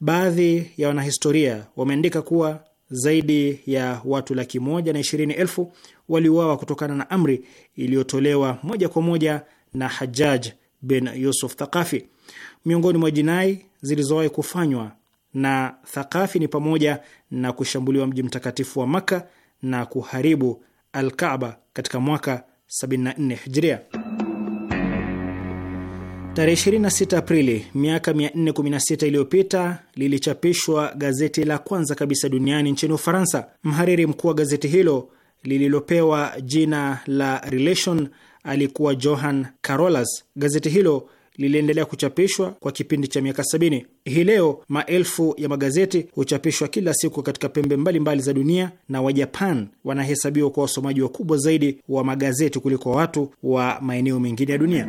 Baadhi ya wanahistoria wameandika kuwa zaidi ya watu laki moja na ishirini elfu waliuawa kutokana na amri iliyotolewa moja kwa moja na Hajjaj bin Yusuf Thaqafi. Miongoni mwa jinai zilizowahi kufanywa na Thaqafi ni pamoja na kushambuliwa mji mtakatifu wa Makka na kuharibu Alkaaba katika mwaka 74 Hijria. Tarehe 26 Aprili miaka 416 iliyopita lilichapishwa gazeti la kwanza kabisa duniani nchini Ufaransa. Mhariri mkuu wa gazeti hilo lililopewa jina la Relation alikuwa johan Carolus. Gazeti hilo liliendelea kuchapishwa kwa kipindi cha miaka 70. Hii leo maelfu ya magazeti huchapishwa kila siku katika pembe mbalimbali mbali za dunia, na Wajapan wanahesabiwa kuwa wasomaji wakubwa zaidi wa magazeti kuliko watu wa maeneo mengine ya dunia.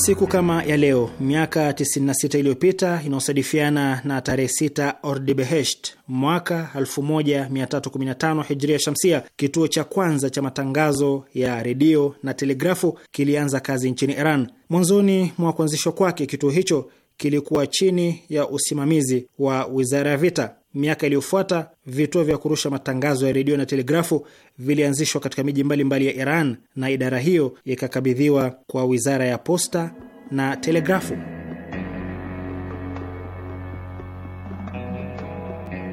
Siku kama ya leo miaka 96 iliyopita inaosadifiana na tarehe 6 Ordibehesht mwaka 1315 hijria shamsia, kituo cha kwanza cha matangazo ya redio na telegrafu kilianza kazi nchini Iran. Mwanzoni mwa kuanzishwa kwake, kituo hicho kilikuwa chini ya usimamizi wa wizara ya vita. Miaka iliyofuata vituo vya kurusha matangazo ya redio na telegrafu vilianzishwa katika miji mbalimbali ya Iran na idara hiyo ikakabidhiwa kwa wizara ya posta na telegrafu.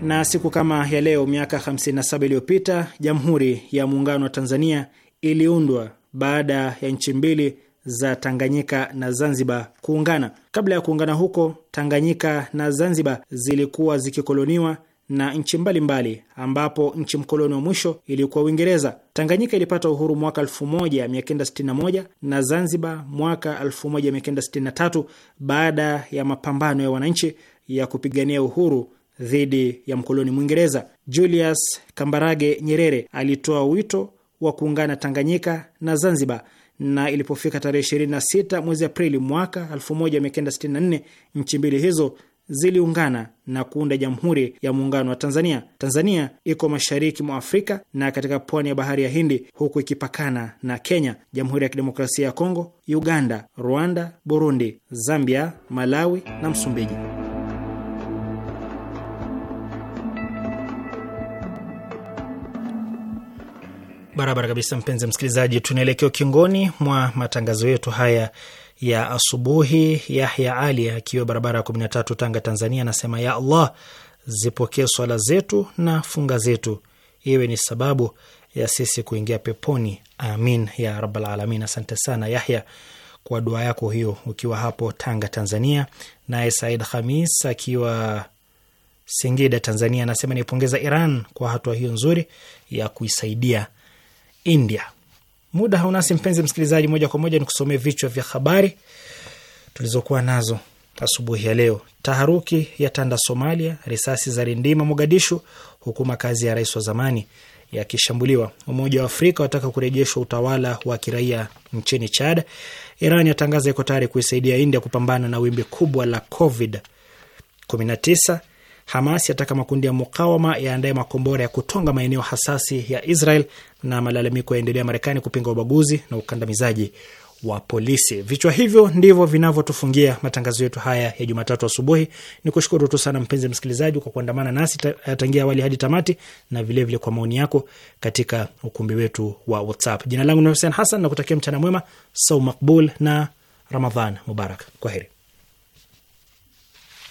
Na siku kama ya leo miaka 57 iliyopita Jamhuri ya Muungano wa Tanzania iliundwa baada ya nchi mbili za Tanganyika na Zanzibar kuungana. Kabla ya kuungana huko, Tanganyika na Zanzibar zilikuwa zikikoloniwa na nchi mbalimbali, ambapo nchi mkoloni wa mwisho ilikuwa Uingereza. Tanganyika ilipata uhuru mwaka 1961 na Zanzibar mwaka 1963 baada ya mapambano ya wananchi ya kupigania uhuru dhidi ya mkoloni Mwingereza. Julius Kambarage Nyerere alitoa wito wa kuungana Tanganyika na Zanzibar na ilipofika tarehe 26 mwezi Aprili mwaka 1964 nchi mbili hizo ziliungana na kuunda Jamhuri ya Muungano wa Tanzania. Tanzania iko mashariki mwa Afrika na katika pwani ya bahari ya Hindi, huku ikipakana na Kenya, Jamhuri ya Kidemokrasia ya Kongo, Uganda, Rwanda, Burundi, Zambia, Malawi na Msumbiji. Barabara kabisa, mpenzi msikilizaji, tunaelekea ukingoni mwa matangazo yetu haya ya asubuhi. Yahya Ali akiwa barabara ya tatu, Tanga, Tanzania, anasema ya Allah, zipokee swala zetu na funga zetu, iwe ni sababu ya sisi kuingia peponi, amin ya rabbal alamin. Asante sana Yahya kwa dua yako hiyo, ukiwa hapo Tanga, Tanzania. Naye Said Khamis akiwa Singida, Tanzania, anasema nipongeza Iran kwa hatua hiyo nzuri ya kuisaidia India. Muda haunasi mpenzi msikilizaji, moja kwa moja ni kusomea vichwa vya habari tulizokuwa nazo asubuhi ya leo. Taharuki ya tanda Somalia, risasi za rindima Mogadishu, huku makazi ya rais wa zamani yakishambuliwa. Umoja wa Afrika wataka kurejeshwa utawala wa kiraia nchini Chad. Iran yatangaza iko tayari kuisaidia India kupambana na wimbi kubwa la COVID 19 Hamas yataka makundi ya mukawama yaandaye makombora ya kutonga maeneo hasasi ya Israel, na malalamiko yaendelea Marekani kupinga ubaguzi na ukandamizaji wa polisi. Vichwa hivyo ndivyo vinavyotufungia matangazo yetu haya ya Jumatatu asubuhi. Ni kushukuru tu sana mpenzi msikilizaji kwa kuandamana nasi eh, tangia awali hadi tamati, na vilevile vile kwa maoni yako katika ukumbi wetu wa WhatsApp. Jina langu ni Hussein Hassan na kutakia mchana mwema, sau makbul na Ramadhan mubarak. Kwa heri.